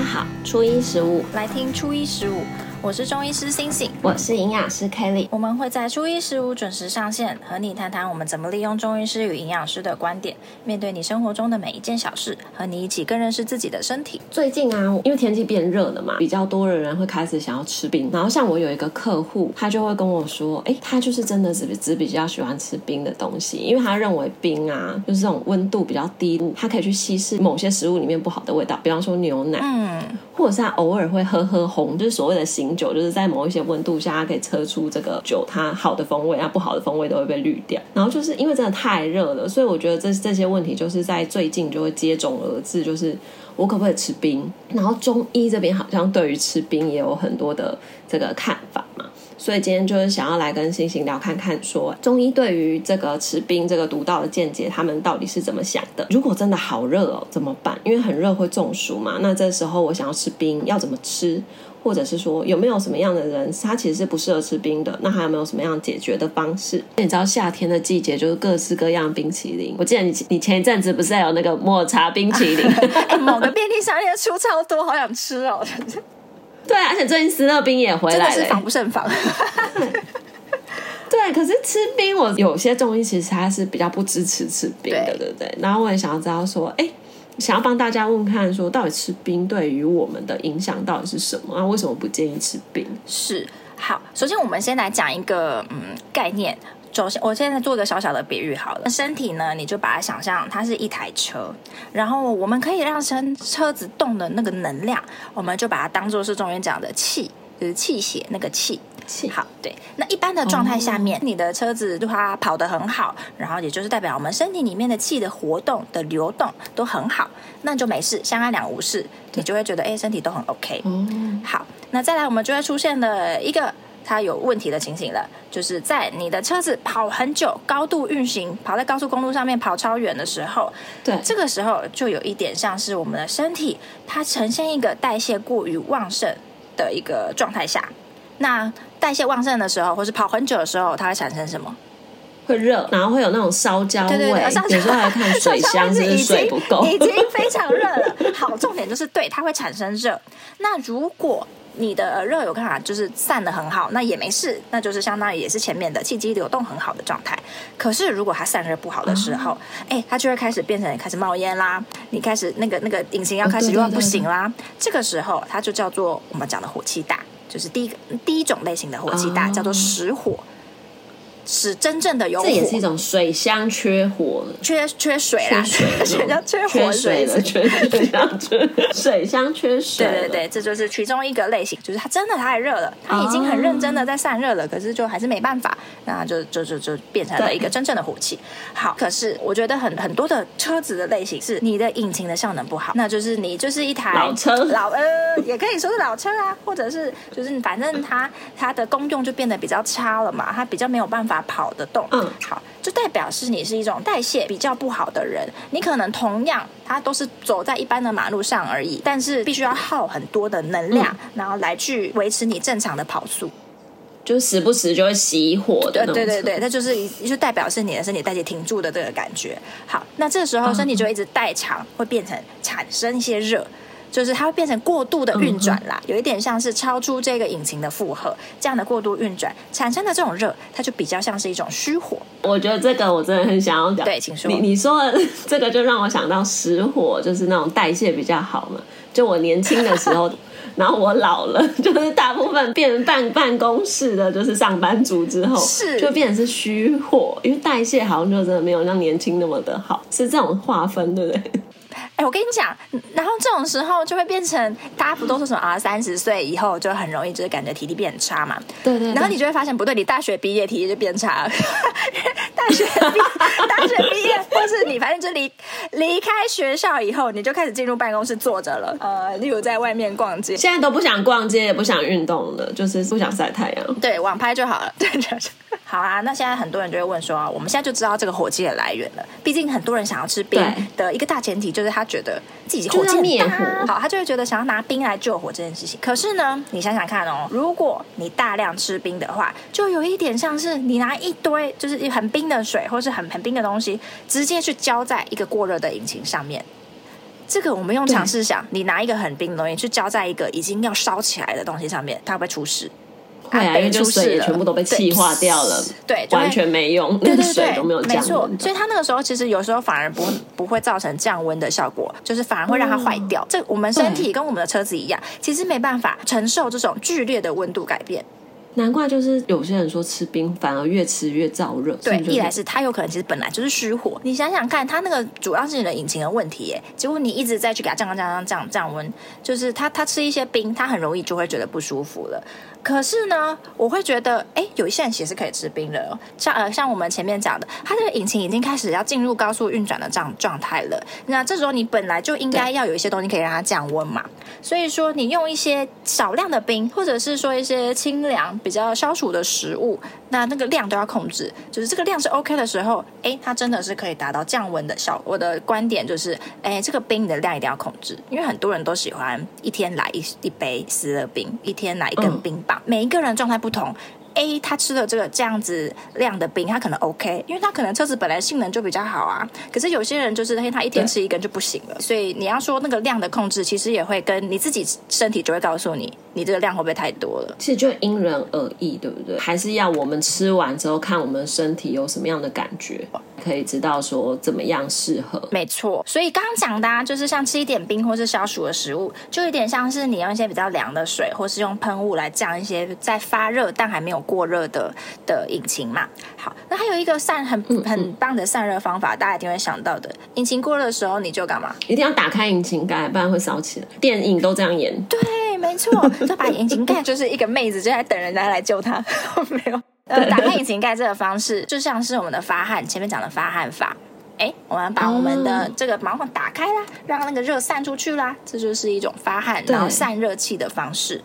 大家好，初一十五，來聽初一十五。我是中醫師星星，我是營養師 Kelly，我們會在初一十五準時上線，和你談談我們怎麼利用中醫師與營養師的觀點，面對你生活中的每一件小事，和你一起更認識自己的身體。最近啊，因為天氣變熱了嘛，比較多的人會開始想要吃冰。然後像我有一個客戶，他就會跟我說，哎、欸，他就是真的只只比較喜歡吃冰的東西，因為他認為冰啊，就是這種溫度比較低，它可以去稀釋某些食物裡面不好的味道，比方說牛奶。嗯。或者是他偶爾會喝喝紅，就是所謂的醒酒，就是在某一些溫度下，可以測出這個酒它好的風味啊，不好的風味都會被濾掉。然後就是因為真的太熱了，所以我覺得這這些問題就是在最近就會接踵而至。就是我可不可以吃冰？然後中醫這邊好像對於吃冰也有很多的這個看法。所以今天就是想要來跟星星聊，看看說中醫對於這個吃冰這個獨到的見解，他們到底是怎麼想的？如果真的好熱哦，怎麼辦？因為很熱會中暑嘛。那這時候我想要吃冰，要怎麼吃？或者是說有沒有什麼樣的人他其實是不適合吃冰的？那還有沒有什麼樣解決的方式？你知道夏天的季節就是各式各樣冰淇淋。我記得你你前一陣子不是還有那個抹茶冰淇淋、？ 欸？某個便利商店出超多，好想吃哦。 對，而且最近思樂冰也回來了，真的是防不勝防。 對，可是吃冰，我有些中醫其實他是比較不支持吃冰的，對，對不對？然後我也想要知道說，哎，想要幫大家問，問看說，到底吃冰對於我們的影響到底是什麼？那、啊、為什麼不建議吃冰？是好，首先我們先來講一個嗯概念。首先，我現在做一個小小的比喻好了。那身體呢，你就把它想象它是一台車，然後我們可以讓身車子動的那個能量，我們就把它當做是中醫講的氣，就是氣血那個氣。氣好，對。那一般的狀態下面，嗯、你的車子對它跑得很好，然後也就是代表我們身體裡面的氣的活動的流動都很好，那就沒事，相安兩無事，對你就會覺得哎，身體都很 OK。嗯，嗯，好，那再來我們就會出現的一個。它有問題的情形了，就是在你的車子跑很久、高度運行、跑在高速公路上面跑超遠的時候，對，這個時候就有一點像是我們的身體，它呈現一個代謝過於旺盛的一個狀態下。那代謝旺盛的時候，或是跑很久的時候，它會產生什麼？會熱，然後會有那種燒焦味。對對對，有時候來看水箱，真的水不夠，已經非常熱了。 好，重點就是對它會產生熱。那如果你的熱有辦法，就是散的很好，那也沒事，那就是相當於也是前面的氣機流動很好的狀態。可是如果它散熱不好的時候，哎、啊欸，它就會開始變成開始冒煙啦，你開始那個那個引擎要開始亂不行啦。哦、對對對對，這個時候它就叫做我們講的火氣大，就是第一個第一種類型的火氣大，啊、叫做實火。使真正的有火，這也是一種水箱缺火，缺缺水啦，水箱缺水了，水箱缺水，對對對，這就是其中一個類型，就是它真的太熱了，它已經很認真的在散熱了，可是就還是沒辦法，那就就就就變成了一個真正的火氣。好，可是我覺得很很多的車子的類型是你的引擎的效能不好，那就是你就是一台老車，老呃，也可以說是老車啊，或者是就是反正它它的功用就變得比較差了嘛，它比較沒有辦法跑得動，嗯，好，就代表是你是一種代謝比較不好的人，你可能同樣，它都是走在一般的馬路上而已，但是必須要耗很多的能量，嗯、然後來去維持你正常的跑速，就時不時就會熄火的，對對對對，那就是就代表是你的身體代謝停住的這個感覺。好，那這時候身體就一直代償，嗯、會變成產生一些熱。就是它會變成過度的運轉啦，嗯、哼有一點像是超出這個引擎的負荷，這樣的過度運轉產生的這種熱，它就比較像是一種虛火。我覺得這個我真的很想要講。對，請說。你你說的這個就讓我想到實火，就是那種代謝比較好嘛。就我年輕的時候， 然後我老了，就是大部分變成辦辦公室的就是上班族之後，是就變成是虛火，因為代謝好像就真的沒有像年輕那麼的好，是這種劃分，對不對？哎、欸，我跟你講，然後這種時候就會變成大家不都說什麼啊，三十歲以後就很容易就是感覺體力變差嘛。對，對對。然後你就會發現不對，你大學畢業體力就變差了 大，大學畢大學畢業 或是你反正就離離開學校以後，你就開始進入辦公室坐着了。呃，例如在外面逛街，現在都不想逛街，也不想運動了，就是不想曬太陽，對，網拍就好了，對。 好啊，那現在很多人就會問說，我們現在就知道這個火氣的來源了。畢竟很多人想要吃冰的一個大前提，就是他覺得自己就要滅火，對好，他就會覺得想要拿冰來救火這件事情。可是呢，你想想看哦，如果你大量吃冰的話，就有一點像是你拿一堆就是一盆冰的水，或是很很冰的東西，直接去澆在一個過熱的引擎上面。這個我們用常識想，對你拿一個很冰的東西去澆在一個已經要燒起來的東西上面，它會不會出事？啊、出事，哎！啊，因為水也全部都被氣化掉了，對，完全沒用，對對對，那個水都沒有降，沒錯。所以它那個時候其實有時候反而不不會造成降溫的效果，就是反而會讓它壞掉。哦、這我們身體跟我們的車子一樣，對其實沒辦法承受這種劇烈的溫度改變。難怪就是有些人說吃冰反而越吃越燥熱，對，一來是他有可能其實本來就是虛火，你想想看，他那個主要是你的引擎的問題耶，結果你一直在去給他降降降降降降溫，就是他他吃一些冰，他很容易就會覺得不舒服了。可是呢，我會覺得哎、欸，有一些人其實是可以吃冰的哦。像呃像我們前面講的，他這個引擎已經開始要進入高速運轉的這樣狀態了，那這時候你本來就應該要有一些東西可以讓它降溫嘛，對所以說你用一些少量的冰，或者是說一些清涼。比較消暑的食物，那那個量都要控制。就是這個量是 OK 的時候，哎、欸，它真的是可以達到降溫的效果。我的觀點就是，哎、欸，這個冰的量一定要控制，因為很多人都喜歡一天來一一杯思樂冰，一天來一根冰棒。嗯。每一個人狀態不同。A、欸、他吃了這個這樣子量的冰，他可能 OK，因為他可能車子本來性能就比較好啊。可是有些人就是他，他一天吃一根就不行了。對所以你要說那個量的控制，其實也會跟你自己身體，就會告訴你，你這個量會不會太多了？其實就因人而異，對不對？還是要我們吃完之後看我們身體有什麼樣的感覺。可以知道說怎麼樣適合，沒錯。所以剛剛講的啊，就是像吃一點冰或是消暑的食物，就有點像是你用一些比較涼的水，或是用噴霧來降一些在發熱但還沒有過熱的的引擎嘛。好，那還有一個散很很棒的散熱方法，嗯嗯。大家一定會想到的。引擎過熱的時候，你就幹嘛？一定要打開引擎蓋，不然會燒起來。電影都這樣演。對，沒錯。 就把引擎蓋就是一個妹子就在等人家來救她，我沒有。呃對、嗯，打開引擎蓋這個方式，就像是我們的發汗，前面講的發汗法。哎，我們把我們的這個毛孔打開啦，嗯、讓那個熱散出去啦，這就是一種發汗，對然後散熱器的方式。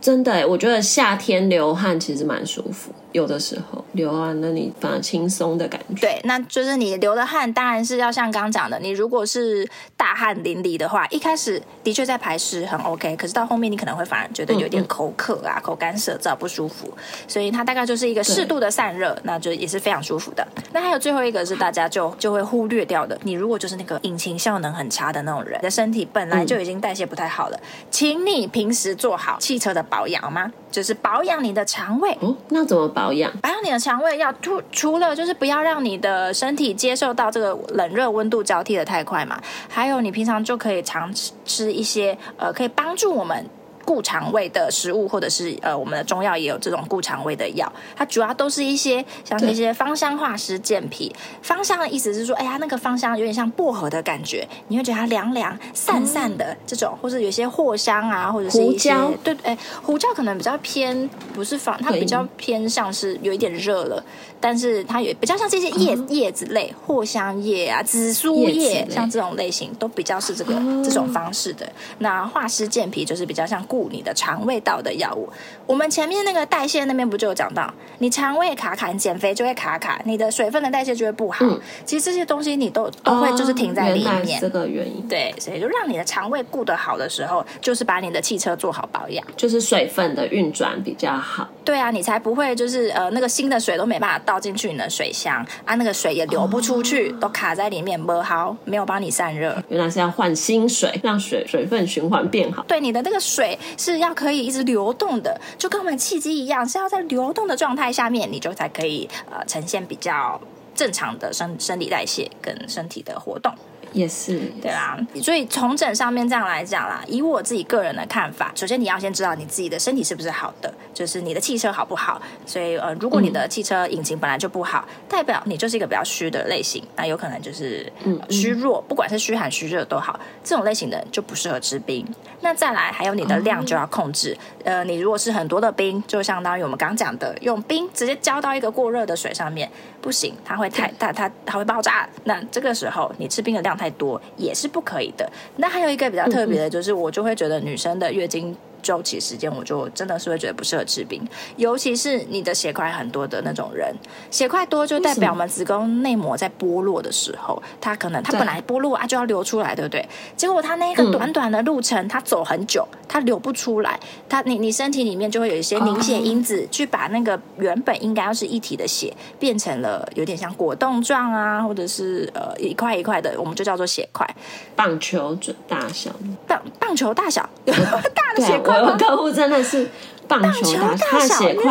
真的，我覺得夏天流汗其實蠻舒服。有的時候流啊，那你反而輕鬆的感覺。對，那就是你流的汗，當然是要像剛剛講的，你如果是大汗淋漓的話，一開始的確在排濕很 OK，可是到後面你可能會反而覺得有點口渴啊，嗯嗯，口乾舌燥不舒服，所以它大概就是一個適度的散熱，對那就也是非常舒服的。那還有最後一個是大家就就會忽略掉的，你如果就是那個引擎效能很差的那種人，你的身體本來就已經代謝不太好了，嗯、請你平時做好汽車的保養嗎？就是保養你的腸胃。哦，那怎麼保養？保養你的腸胃，要除除了就是不要讓你的身體接受到這個冷熱溫度交替的太快嘛，還有你平常就可以常吃一些呃，可以幫助我們。固腸胃的食物，或者是呃，我們的中藥也有這種固腸胃的藥，它主要都是一些像那些芳香化濕、健脾對。芳香的意思是說，哎呀，那個芳香有點像薄荷的感覺，你會覺得它涼涼、散散的、嗯、這種，或是有些藿香啊，或者是一些胡椒。對，哎，胡椒可能比較偏不是芳，它比較偏向是有一點熱了，對但是它也比較像這些葉、嗯、葉子類，藿香葉啊、紫蘇葉，葉像這種類型都比較是這個、嗯、這種方式的。那化濕健脾就是比較像固你的腸胃道的藥物，我們前面那個代謝那邊不就有講到，你腸胃卡卡，你減肥就會卡卡，你的水分的代謝就會不好。嗯、其實這些東西你都都會就是停在裡面，哦、原來是這個原因對。所以就讓你的腸胃顧得好的時候，就是把你的汽車做好保養，就是水分的運轉比較好。對啊，你才不會就是呃那個新的水都沒辦法倒進去你的水箱啊，那個水也流不出去，哦、都卡在裡面沒好，沒有幫你散熱。原來是要換新水，讓水水分循環變好。對，你的那個水。是要可以一直流動的，就跟我們氣機一樣，是要在流動的狀態下面，你就才可以呃呈現比較正常的生生理代謝跟身體的活動。也是，yes, yes. 對啦，所以從整上面這樣來講啦，以我自己個人的看法，首先你要先知道你自己的身體是不是好的，就是你的汽車好不好。所以呃，如果你的汽車引擎本來就不好，嗯、代表你就是一個比較虛的類型，那有可能就是虛弱，不管是虛寒虛熱都好，這種類型的人就不適合吃冰。那再來，還有你的量就要控制。嗯、呃，你如果是很多的冰，就相當於我們剛講的，用冰直接澆到一個過熱的水上面，不行，它會太大，它它，它會爆炸。那這個時候你吃冰的量。太多也是不可以的。那還有一個比較特別的，嗯、就是我就會覺得女生的月經。週期時間，我就真的是會覺得不適合吃冰，尤其是你的血塊很多的那種人，血塊多就代表我們子宮內膜在剝落的時候，它可能它本來剝落對啊，就要流出來，對不對？結果它那一個短短的路程，嗯、它走很久，它流不出來，它你你身體裡面就會有一些凝血因子、哦嗯、去把那個原本應該要是一體的血變成了有點像果凍狀啊，或者是呃一塊一塊的，我們就叫做血塊，棒球準大小，棒棒球大小，球大，小 大的血塊。我有客戶真的是棒球大、球大小他的血塊，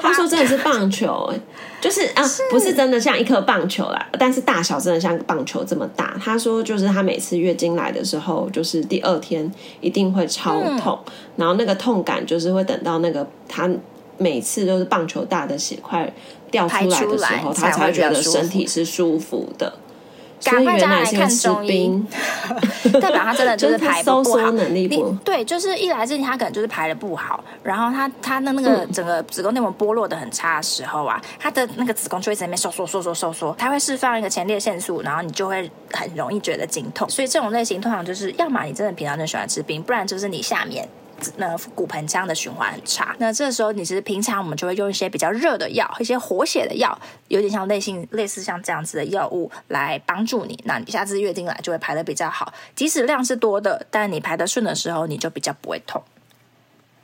他說真的是棒球， 就是啊，是不是真的像一顆棒球啦？但是大小真的像棒球這麼大。他說，就是他每次月經來的時候，就是第二天一定會超痛，嗯、然後那個痛感就是會等到那個他每次都是棒球大的血塊掉出來的時候，才他才會覺得身體是舒服的。趕快叫他來看中醫，代表他真的就是排不，不好。 你，對，就是一來是他可能就是排的不好，然後他他的那個整個子宮內膜剝落的很差的時候啊，他的那個子宮就會在那邊收縮收縮收縮，它會釋放一個前列腺素，然後你就會很容易覺得經痛。所以這種類型通常就是，要麼你真的平常就喜歡吃冰，不然就是你下面。那骨盆腔的循環很差，那這時候你其實平常我們就會用一些比較熱的藥，一些活血的藥，有點像類型類似像這樣子的藥物來幫助你。那你下次月經來就會排得比較好，即使量是多的，但你排得順的時候，你就比較不會痛。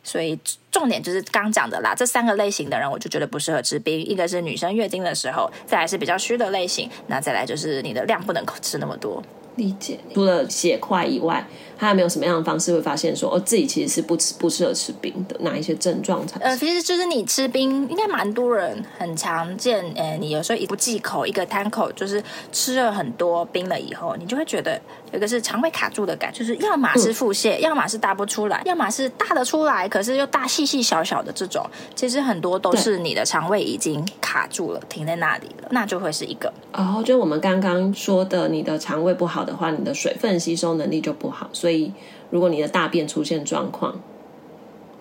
所以重點就是剛講的啦，這三個類型的人我就覺得不適合吃冰。一個是女生月經的時候，再來是比較虛的類型，那再來就是你的量不能夠吃那麼多。理解。除了血塊以外。他有沒有什麼樣的方式會發現說，我、哦、自己其實是不吃不適合吃冰的哪一些症狀才是？呃，其實就是你吃冰，應該蠻多人很常見。呃、欸，你有時候一不忌口，一個貪口，就是吃了很多冰了以後，你就會覺得有個是腸胃卡住的感覺，就是要麼是腹瀉，嗯、要麼是大不出來，要麼是大的出來，可是又大細細小小的這種。其實很多都是你的腸胃已經卡住了，停在那裡了，那就會是一個。然後、嗯哦、就我們剛剛說的，你的腸胃不好的話，你的水分吸收能力就不好。所以，如果你的大便出現狀況，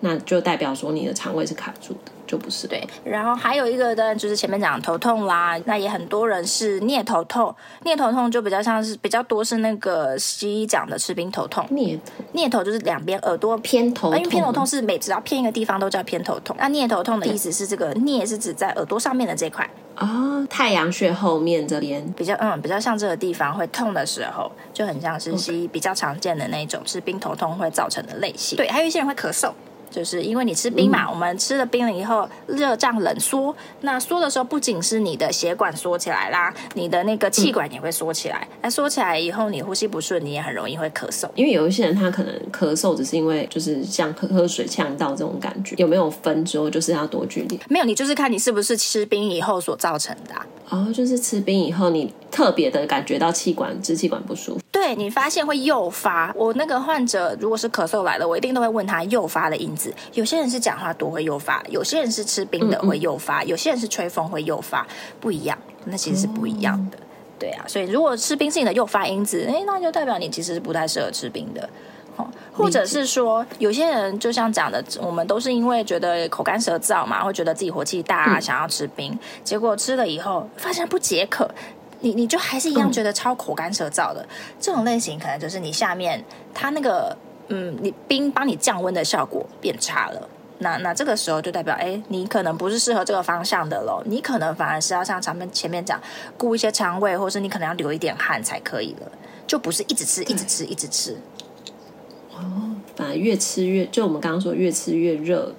那就代表說你的腸胃是卡住的，就不是。對，然後還有一個呢，就是前面講頭痛啦，那也很多人是顳頭痛，顳頭痛就比較像是比較多是那個西醫講的吃冰頭痛，顳頭，顳頭就是兩邊耳朵偏頭痛，啊，因為偏頭痛是每只要偏一個地方都叫偏頭痛，那顳頭痛的意思是這個顳，嗯，是指在耳朵上面的這塊。啊，oh, 太陽穴後面這邊比較，嗯，比較像這個地方會痛的時候，就很像是西醫比較常見的那一種，Okay. 是冰頭痛會造成的類型，對，還有一些人會咳嗽。就是因為你吃冰嘛，嗯、我們吃了冰了以後，熱脹冷縮，那縮的時候不僅是你的血管縮起來啦，你的那個氣管也會縮起來。那縮、嗯、起來以後，你呼吸不順，你也很容易會咳嗽。因為有一些人他可能咳嗽只是因為就是像喝喝水嗆到這種感覺。有沒有分之後就是要多舉例？沒有，你就是看你是不是吃冰以後所造成的，啊。哦，就是吃冰以後你特別的感覺到氣管、支氣管不舒服。對，你發現會誘發。我那個患者，如果是咳嗽來了，我一定都會問他誘發的因子。有些人是講話多會誘發，有些人是吃冰的會誘發，有些人是吹風會誘發，不一樣，那其實是不一樣的。嗯、對啊，所以如果吃冰是你的誘發因子，哎，那就代表你其實是不太適合吃冰的。哦，或者是說，有些人就像講的，我們都是因為覺得口乾舌燥嘛，會覺得自己火氣大、啊，嗯、想要吃冰，結果吃了以後發現不解渴。你你就還是一樣覺得超口乾舌燥的，嗯、這種類型可能就是你下面它那個嗯，你冰幫你降溫的效果變差了。那那這個時候就代表，哎、欸，你可能不是適合這個方向的咯，你可能反而是要像前面前面講，顧一些腸胃，或是你可能要流一點汗才可以了，就不是一直吃，一直吃，對一直吃。哦，反而越吃越，就我們剛剛說越吃越熱。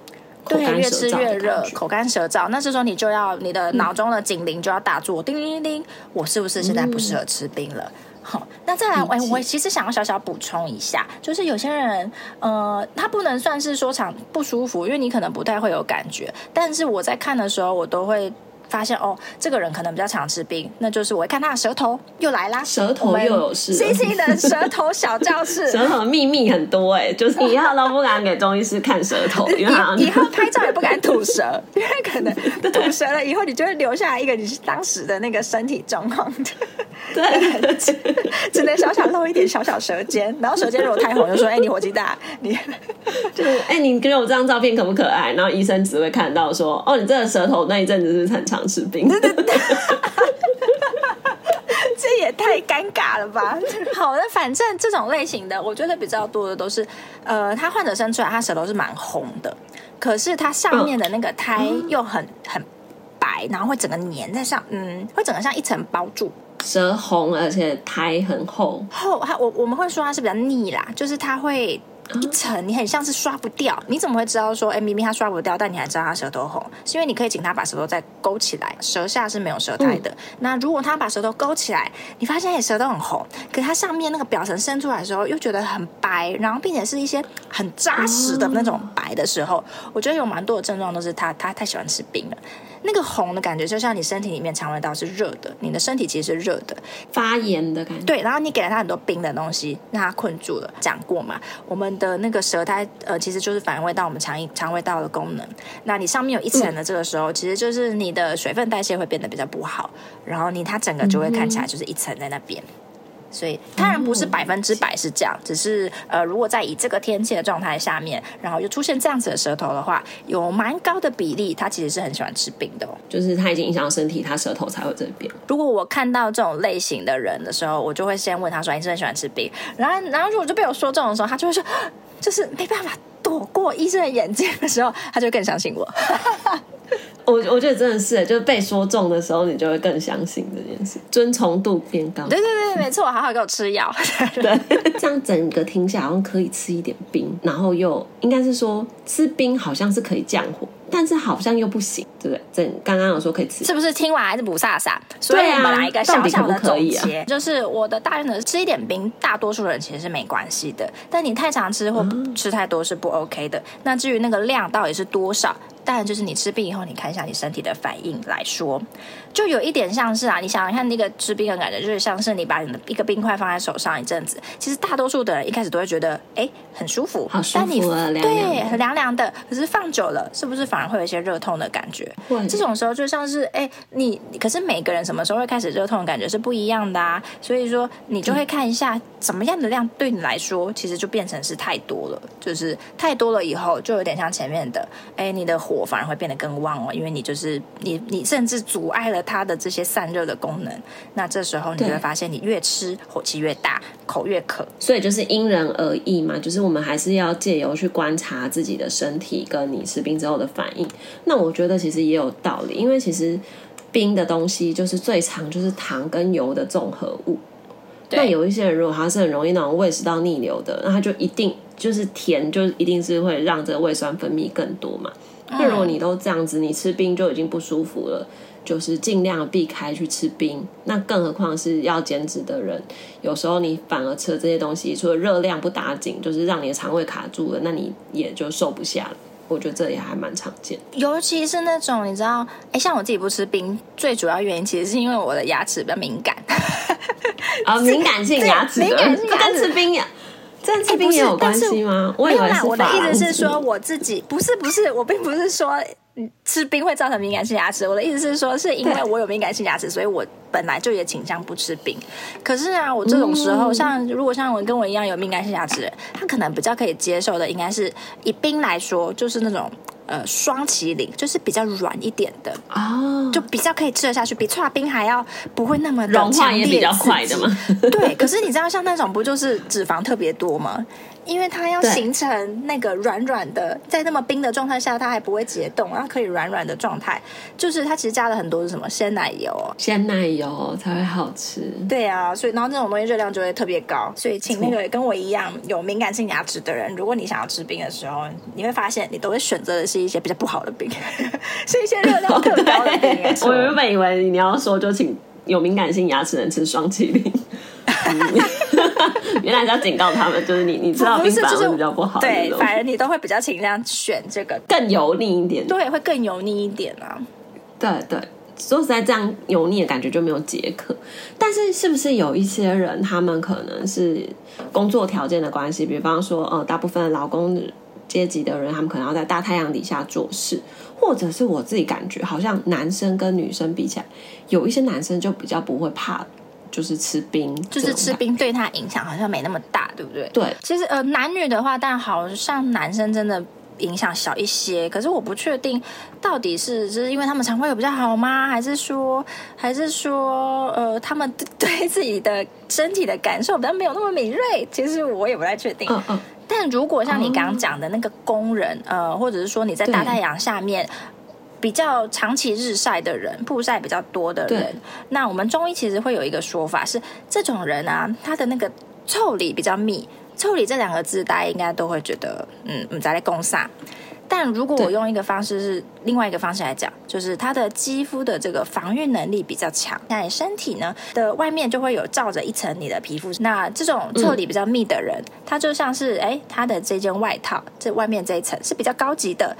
對，越吃越熱，口乾，感口乾舌燥，那時候，你就要你的腦中的警鈴就要打住，叮叮叮叮，我是不是現在不適合吃冰了？嗯、好，那再來，我即、欸、我其實想要小小補充一下，就是有些人，呃，他不能算是說腸不舒服，因為你可能不太會有感覺，但是我在看的時候，我都會。發現哦，這個人可能比較常吃冰，那就是我會看他的舌頭又來啦，舌頭又有事。C C 的舌頭小教室，舌頭秘密很多哎、欸，就是以後都不敢給中醫師看舌頭，因為 以，以後拍照也不敢吐舌， 因為可能吐舌了以後，你就會留下來一個你當時的那個身體狀況的，對， 只能小小露一點小小舌尖，然後舌尖如果太紅，就說哎、欸、你火氣大，你就是哎、欸、你給我這張照片可不可愛？然後醫生只會看到說哦你這個舌頭那一陣子是很常。士兵，對對對，這也太尷尬了吧！好的，反正這種類型的，我覺得比較多的都是，呃，他患者生出來，他舌頭是蠻紅的，可是他上面的那個苔又很很白，然後會整個粘在上，嗯，會整個像一層包住。舌紅而且苔很厚，厚，我我們會說他是比較膩啦，就是他會。一層，你很像是刷不掉。你怎麼會知道說哎明明他刷不掉？但你還知道他舌頭紅，是因為你可以請他把舌頭再勾起來，舌下是沒有舌苔的。嗯、那如果他把舌頭勾起來，你發現他舌頭很紅，可他上面那個表層伸出來的時候又覺得很白，然後並且是一些很紮實的那種白的時候，哦、我覺得有蠻多的症狀都是他他太喜歡吃冰了。那個紅的感覺，就像你身體裡面腸胃道是熱的，你的身體其實是熱的，發炎的感覺。對，然後你給了他很多冰的東西，讓他困住了。講過嘛，我們的那個舌苔，呃，其實就是反映到我們腸胃，腸胃道的功能。那你上面有一層的這個時候，嗯、其實就是你的水分代謝會變得比較不好，然後你它整個就會看起來就是一層在那邊。嗯所以當然不是百分之百是這樣，哦、只是呃，如果在以這個天氣的狀態下面，然後就出現這樣子的舌頭的話，有蠻高的比例，他其實是很喜歡吃冰的、哦。就是他已經影響到身體，他舌頭才會這邊。如果我看到這種類型的人的時候，我就會先問他說：“你是很喜歡吃冰？”然後，然後如果就被我說中的時候，他就會說：“就是沒辦法躲過醫生的眼睛的時候，他就會更相信我。 ”我我覺得真的是，就是被說中的時候，你就會更相信這件事，遵從度變高。對對對，沒錯，我好好給我吃藥。 對，這樣整個聽起來，好像可以吃一點冰，然後又應該是說吃冰好像是可以降火，但是好像又不行。在剛剛有說可以吃，是不是聽完還是霧煞煞？所以我們來一個小小的總結，可可啊、就是我的大原則是吃一點冰，大多數人其實是沒關係的，但你太常吃或吃太多是不 OK 的。嗯、那至於那個量到底是多少，當然就是你吃冰以後，你看一下你身體的反應來說，就有一點像是啊，你想想看那個吃冰的感覺，就是像是你把你的一個冰塊放在手上一陣子，其實大多數的人一開始都會覺得哎很舒服，好舒服、啊，對，很涼涼的。可是放久了，是不是反而會有一些熱痛的感覺？對這種時候就像是哎，你可是每個人什麼時候會開始熱痛，感覺是不一樣的啊。所以說，你就會看一下什麼樣的量對你來說，嗯、其實就變成是太多了。就是太多了以後，就有點像前面的，哎，你的火反而會變得更旺了、哦，因為你就是你你甚至阻礙了它的這些散熱的功能。那這時候你就會發現，你越吃對火氣越大，口越渴。所以就是因人而異嘛，就是我們還是要借由去觀察自己的身體跟你吃冰之後的反應。那我覺得其實。也有道理，因為其實冰的東西就是最常就是糖跟油的綜合物。但對有一些人如果他是很容易那種胃食道逆流的，那他就一定就是甜，就一定是會讓這個胃酸分泌更多嘛。那、嗯、如果你都這樣子，你吃冰就已經不舒服了，就是盡量避開去吃冰。那更何況是要減脂的人，有時候你反而吃了這些東西，除了熱量不打緊，就是讓你的腸胃卡住了，那你也就瘦不下了。我覺得這也還蠻常見的，尤其是那種你知道，哎，像我自己不吃冰，最主要原因其實是因為我的牙齒比較敏感。啊、 哦，敏感性牙齒，敏感性牙齒不跟吃冰有，跟吃冰有關係嗎？誒我有哪？我的意思是說，我自己 不是不是，我並不是說。嗯吃冰會造成敏感性牙齒。我的意思是說，是因為我有敏感性牙齒，對所以我本來就也傾向不吃冰。可是啊，我這種時候，嗯、像如果像我跟我一樣有敏感性牙齒，他可能比較可以接受的，應該是以冰來說，就是那種呃霜淇淋，就是比較軟一點的哦。就比較可以吃得下去，比剉冰還要不會那麼的融化比較快的嘛。 對，可是你知道，像那種不就是脂肪特別多嗎？因為它要形成那個軟軟的，對在那麼冰的狀態下，它還不會解凍，然後可以。軟軟的狀態，就是它其實加了很多是什麼鮮奶油，鮮奶油才會好吃。對啊，所以然後那種東西熱量就會特別高。所以請那個跟我一樣有敏感性牙齒的人，如果你想要吃冰的時候，你會發現你都會選擇的是一些比較不好的冰， 是一些熱量特別高的冰。 我原本以為你要說就請有敏感性牙齒能吃雙淇淋。哈哈， 原來是要警告他們，就是你，你吃到冰是比較不好。不是，就是、那種 對，反正你都會比較儘量選這個更油膩一點，對，會更油膩一點啊。對對，說實在，這樣油膩的感覺就沒有解渴。但是，是不是有一些人，他們可能是工作條件的關係，比方說，呃，大部分的勞工階級的人，他們可能要在大太陽底下做事，或者是我自己感覺，好像男生跟女生比起來，有一些男生就比較不會怕。就是吃冰，就是吃冰對他影響好像沒那麼大，對不對？對，其實呃，男女的話，但好像男生真的影響小一些。可是我不確定，到底是就是因為他們腸胃有比較好嗎？還是說，還是說，呃，他們對，對自己的身體的感受比較沒有那麼敏銳？其實我也不太確定。嗯嗯。但如果像你剛剛講的那個工人，嗯。呃，或者是說你在大太陽下面。比較長期日曬的人，曝曬比較多的人，對那我們中醫其實會有一個說法是，這種人啊，他的那個腠理比較密。腠理這兩個字，大家應該都會覺得，嗯，我們在攻上。但如果我用一個方式是對另外一個方式來講，就是他的肌膚的這個防禦能力比較強，那你身體呢的外面就會有罩着一層你的皮膚。那這種腠理比較密的人，嗯、他就像是哎、欸，他的這件外套，這外面這一層是比較高級的。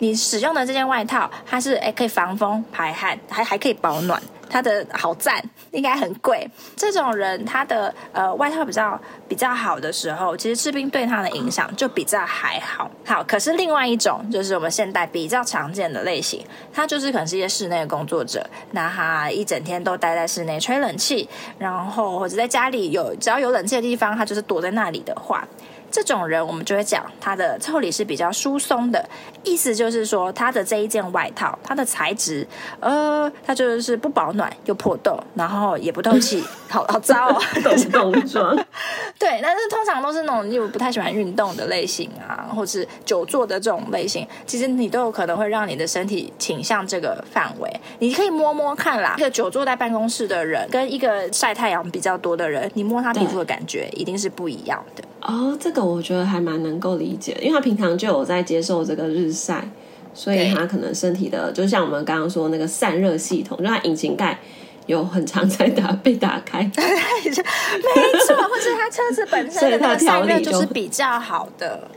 你使用的這件外套，它，是哎可以防風排汗，還還可以保暖，它的好讚，應該很貴。這種人他的呃外套比較比較好的時候，其實吃冰對他的影響就比較還好。好，可是另外一種就是我們現代比較常見的類型，他就是可能是一些室內的工作者，那他一整天都待在室內吹冷氣，然後或者在家裡有只要有冷氣的地方，他就是躲在那裡的話。這種人，我們就會講他的腠理是比較疏鬆的，意思就是說，他的這一件外套，它的材質，呃，它就是不保暖又破洞，然後也不透氣， 好好糟啊、哦！這是冬裝， 對，但是通常都是那種又不太喜歡運動的類型啊，或者是久坐的這種類型，其實你都有可能會讓你的身體傾向這個範圍。你可以摸摸看啦， 一個久坐在辦公室的人跟一個曬太陽比較多的人，你摸他皮膚的感覺一定是不一樣的。哦，oh, 這個我覺得還蠻能夠理解，因為他平常就有在接受這個日曬，所以他可能身體的，Okay. 就像我們剛剛說那個散熱系統，因為引擎蓋有很常在打被打開， 沒錯，或者他車子本身，的那個散熱就是比較好的。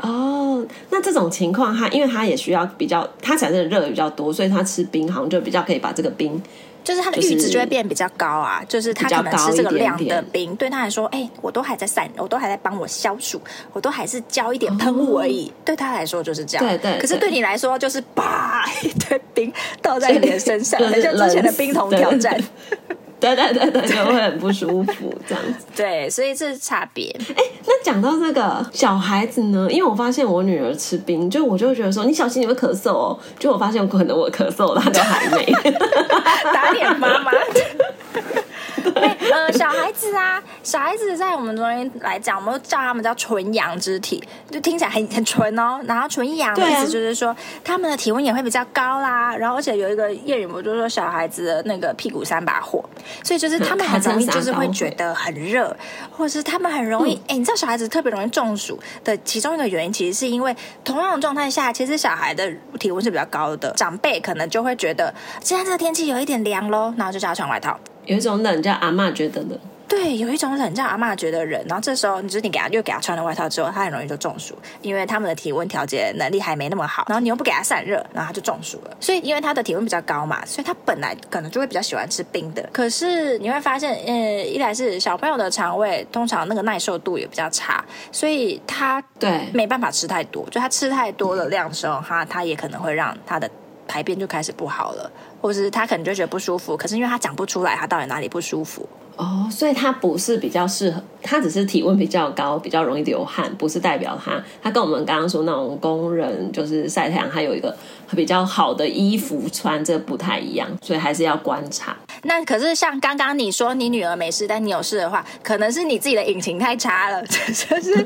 哦 ，oh, 那這種情況，他因為他也需要比較，他產生的熱比較多，所以他吃冰好像就比較可以把這個冰。就是他的閾值就會變比較高啊，就是，高點點，就是他可能吃這個量的冰，對他來說，哎、欸，我都還在散，我都還在幫我消暑，我都還是澆一點噴霧而已，哦、對他來說就是這樣。對，對對。可是對你來說，就是把一堆冰倒在你的身上，就是、很像之前的冰桶挑戰。對對對對對對。對對對對，就會很不舒服，對這樣子。對，所以這是差別。哎，那講到這個小孩子呢，因為我發現我女兒吃冰，就我就會覺得說，你小心你會咳嗽哦。就我發現，可能我咳嗽了，她都還沒 打臉媽媽。 嗯、呃，小孩子啊，小孩子在我們中醫來講，我們都叫他們叫純陽之體，就聽起來很很純哦。然後純陽的意思就是說，他們的體溫也會比較高啦。然後而且有一個諺語，我就說小孩子的那個屁股三把火，所以就是他們很容易就是會覺得很熱，或者是他們很容易，哎、嗯，你知道小孩子特別容易中暑的其中一個原因，其實是因為同樣的狀態下，其實小孩的體溫是比較高的，長輩可能就會覺得現在這個天氣有一點涼嘍，然後就叫他穿外套。有一種冷叫阿嬤覺得冷，對，有一種冷叫阿嬤覺得冷。然後這時候，就是你給他又給他穿了外套之後，他很容易就中暑，因為他們的體溫調節能力還沒那麼好。然後你又不給他散熱，然後他就中暑了。所以，因為他的體溫比較高嘛，所以他本來可能就會比較喜歡吃冰的。可是你會發現，呃，一來是小朋友的腸胃通常那個耐受度也比較差，所以他對沒辦法吃太多。對就他吃太多的量的時候，嗯、他他也可能會讓他的排便就開始不好了。或是他可能就覺得不舒服，可是因為他講不出來，他到底哪裡不舒服。哦，所以他不是比較適合，他只是體溫比較高，比較容易流汗，不是代表他，他跟我們剛剛說那種工人就是曬太陽，他有一個。比較好的衣服穿，這個，不太一樣，所以還是要觀察。那可是像剛剛你說，你女兒沒事，但你有事的話，可能是你自己的引擎太差了，真是。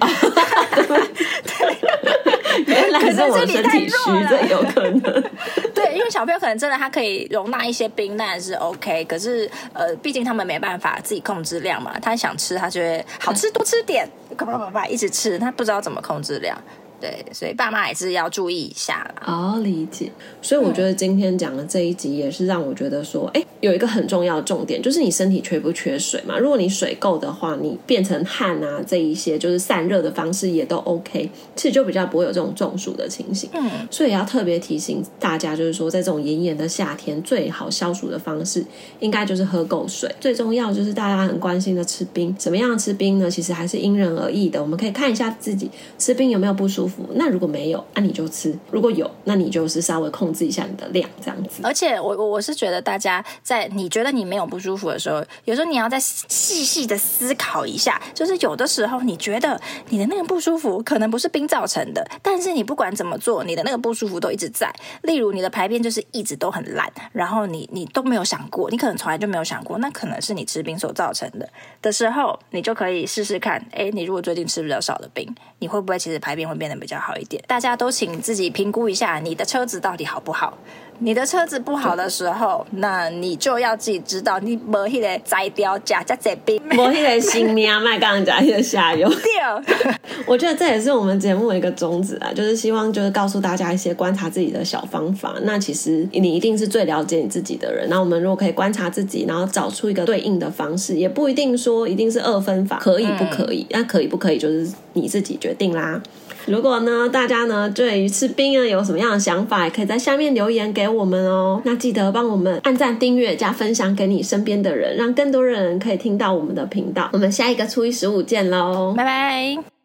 原來 是我身體虛，這有可能。對，因為小朋友可能真的他可以容納一些冰，當然是 OK。可是呃，畢竟他們沒辦法自己控制量嘛，他想吃，他覺得好吃，多吃點，叭叭叭叭，一直吃，他不知道怎麼控制量。對，所以爸媽也是要注意一下啦。哦，理解。所以我覺得今天講的這一集也是讓我覺得說，哎、嗯，欸，有一個很重要的重點，就是你身體缺不缺水嘛？如果你水夠的話，你變成汗啊這一些就是散熱的方式也都 OK，其實就比較不會有這種中暑的情形。嗯，所以要特別提醒大家，就是說在這種炎炎的夏天，最好消暑的方式應該就是喝夠水。最重要就是大家很關心的吃冰，怎麼樣吃冰呢？其實還是因人而異的。我們可以看一下自己吃冰有沒有不舒服。那如果沒有，那、啊、你就吃；如果有，那你就是稍微控制一下你的量，這樣子。而且我，我我我是覺得，大家在你覺得你沒有不舒服的時候，有時候你要再細細的思考一下。就是有的時候，你覺得你的那個不舒服可能不是冰造成的，但是你不管怎麼做，你的那個不舒服都一直在。例如，你的排便就是一直都很爛，然後你你都沒有想過，你可能從來就沒有想過，那可能是你吃冰所造成的的時候，你就可以試試看。哎、欸，你如果最近吃比較少的冰，你會不會其實排便會變得？比較好一點，大家都請自己評估一下你的車子到底好不好。你的車子不好的時候，對那你就要自己知道你沒那個摘掉夾夾子冰，沒那個新棉麥鋼夾子下游。對 我覺得這也是我們節目一個宗旨啊，就是希望就是告訴大家一些觀察自己的小方法。那其實你一定是最了解你自己的人。那我們如果可以觀察自己，然後找出一個對應的方式，也不一定說一定是二分法，可以不可以？嗯、那可以不可以就是你自己決定啦。如果呢，大家呢對於吃冰呢有什麼樣的想法，也可以在下面留言給我們哦。那記得幫我們按讚、訂閱、加分享給你身邊的人，讓更多人可以聽到我們的頻道。我們下一個初一十五見嘍，拜拜。